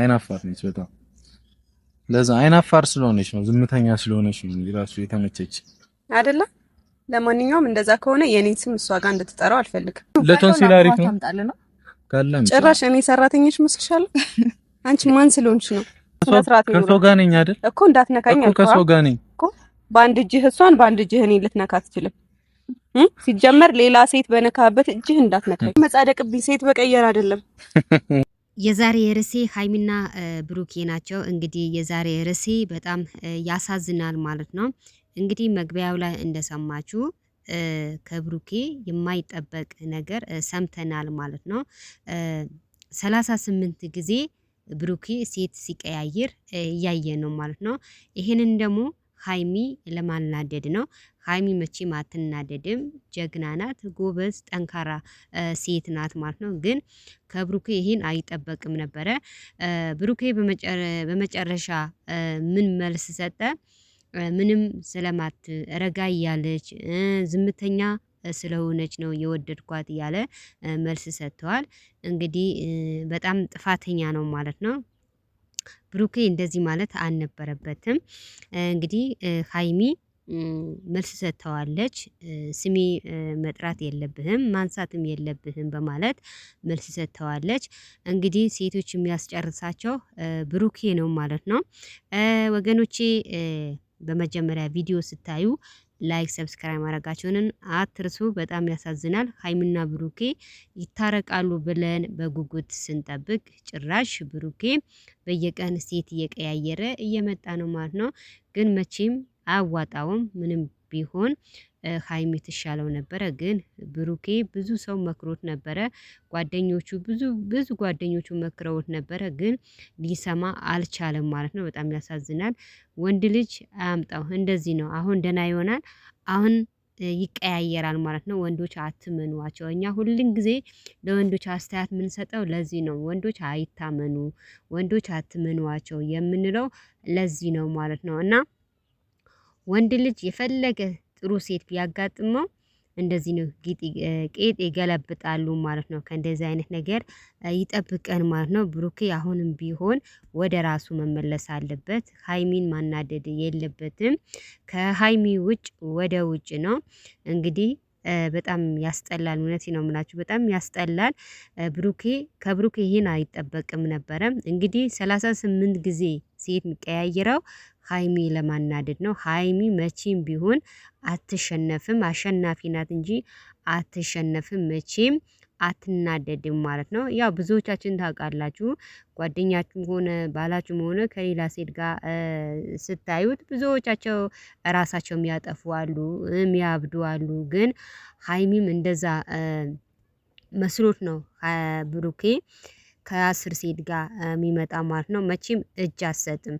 አይናፋር ነች በጣም ለዛ አይናፋር ስለሆነች ነው፣ ዝምተኛ ስለሆነች ነው ራሱ የተመቸች አይደለ። ለማንኛውም እንደዛ ከሆነ የኔን ስም እሷ ጋር እንድትጠራው አልፈልግም። ለቶንሲል አሪፍ ነው ካለም ጭራሽ እኔ ሰራተኛሽ መስልሻለሁ። አንቺ ማን ስለሆንሽ ነው? መስራት ነው ከሰው ጋር ነኝ አይደል እኮ እንዳትነካኝ እኮ ከሰው ጋር ነኝ እኮ። በአንድ እጅህ እሷን በአንድ እጅህ እኔን ልትነካ አትችልም። ሲጀመር ሌላ ሴት በነካበት እጅህ እንዳትነካኝ። መጻደቅብኝ ሴት በቀየር አይደለም የዛሬ ርዕሴ ሀይሚና ብሩኬ ናቸው። እንግዲህ የዛሬ ርዕሴ በጣም ያሳዝናል ማለት ነው። እንግዲህ መግቢያው ላይ እንደሰማችሁ ከብሩኬ የማይጠበቅ ነገር ሰምተናል ማለት ነው። ሰላሳ ስምንት ጊዜ ብሩኬ ሴት ሲቀያይር እያየ ነው ማለት ነው። ይህንን ደግሞ ሀይሚ ለማናደድ ነው። ሀይሚ መቼም አትናደድም። ጀግና ናት፣ ጎበዝ፣ ጠንካራ ሴት ናት ማለት ነው። ግን ከብሩኬ ይሄን አይጠበቅም ነበረ። ብሩኬ በመጨረሻ ምን መልስ ሰጠ? ምንም ስለማት ረጋ እያለች ዝምተኛ ስለሆነች ነው የወደድኳት እያለ መልስ ሰጥተዋል። እንግዲህ በጣም ጥፋተኛ ነው ማለት ነው። ብሩኬ እንደዚህ ማለት አልነበረበትም። እንግዲህ ሀይሚ መልስ ሰጥተዋለች። ስሜ መጥራት የለብህም ማንሳትም የለብህም በማለት መልስ ሰጥተዋለች። እንግዲህ ሴቶች የሚያስጨርሳቸው ብሩኬ ነው ማለት ነው። ወገኖቼ በመጀመሪያ ቪዲዮ ስታዩ ላይክ ሰብስክራይብ ማድረጋችሁንን አትርሱ። በጣም ያሳዝናል። ሀይሚና ብሩኬ ይታረቃሉ ብለን በጉጉት ስንጠብቅ ጭራሽ ብሩኬ በየቀን ሴት እየቀያየረ እየመጣ ነው ማለት ነው። ግን መቼም አያዋጣውም ምንም ቢሆን ሀይሚ ትሻለው ነበረ። ግን ብሩኬ ብዙ ሰው መክሮት ነበረ። ጓደኞቹ ብዙ ብዙ ጓደኞቹ መክረውት ነበረ፣ ግን ሊሰማ አልቻለም ማለት ነው። በጣም ያሳዝናል። ወንድ ልጅ አያምጣው እንደዚህ ነው። አሁን ደህና ይሆናል፣ አሁን ይቀያየራል ማለት ነው። ወንዶች አትመኗቸው። እኛ ሁልን ጊዜ ለወንዶች አስተያየት የምንሰጠው ለዚህ ነው። ወንዶች አይታመኑ፣ ወንዶች አትመኗቸው የምንለው ለዚህ ነው ማለት ነው እና ወንድ ልጅ የፈለገ ጥሩ ሴት ቢያጋጥመው እንደዚህ ነው ጌጥ ቄጥ ይገለብጣሉ ማለት ነው። ከእንደዚህ አይነት ነገር ይጠብቀን ማለት ነው። ብሩኬ አሁንም ቢሆን ወደ ራሱ መመለስ አለበት። ሀይሚን ማናደድ የለበትም። ከሀይሚ ውጭ ወደ ውጭ ነው እንግዲህ በጣም ያስጠላል። እውነት ነው የምላችሁ፣ በጣም ያስጠላል። ብሩኬ ከብሩኬ ይህን አይጠበቅም ነበረም እንግዲህ ሰላሳ ስምንት ጊዜ ሴት የሚቀያይረው ሀይሚ ለማናደድ ነው። ሀይሚ መቼም ቢሆን አትሸነፍም፣ አሸናፊ ናት እንጂ አትሸነፍም መቼም አትናደድም ማለት ነው። ያው ብዙዎቻችን ታውቃላችሁ፣ ጓደኛችሁም ሆነ ባላችሁም ሆነ ከሌላ ሴት ጋር ስታዩት ብዙዎቻቸው እራሳቸው የሚያጠፉ አሉ፣ የሚያብዱ አሉ። ግን ሀይሚም እንደዛ መስሎት ነው ብሩኬ ከአስር ሴት ጋር የሚመጣ ማለት ነው። መቼም እጅ አትሰጥም